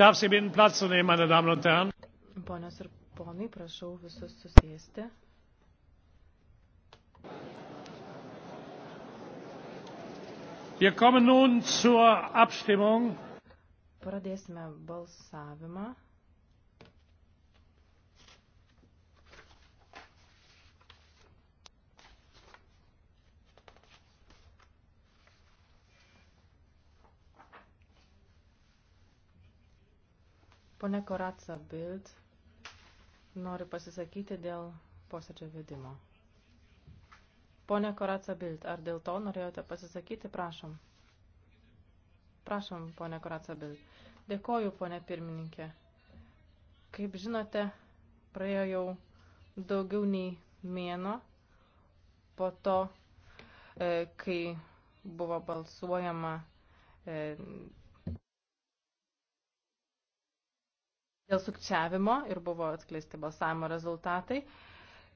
darf Sie bitten, Platz zu nehmen, meine Damen und Herren. Ponios ir ponai, prašau visus susėsti. Wir kommen nun zur Abstimmung. Pradėsime balsavimą. Pone Koratsa Bild nori pasisakyti dėl posėdžio vedimo. Pone Koratsa Bild, ar dėl to norėjote pasisakyti? Prašom. Prašom, pone Koratsa Bild. Dėkoju, pone pirmininkė. Kaip žinote, praėjo jau daugiau nei mėno po to, e, kai buvo balsuojama e, dėl sukčiavimo ir buvo atskleisti balsavimo rezultatai.